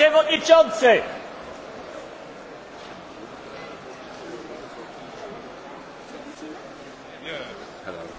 przewodniczący! Hello.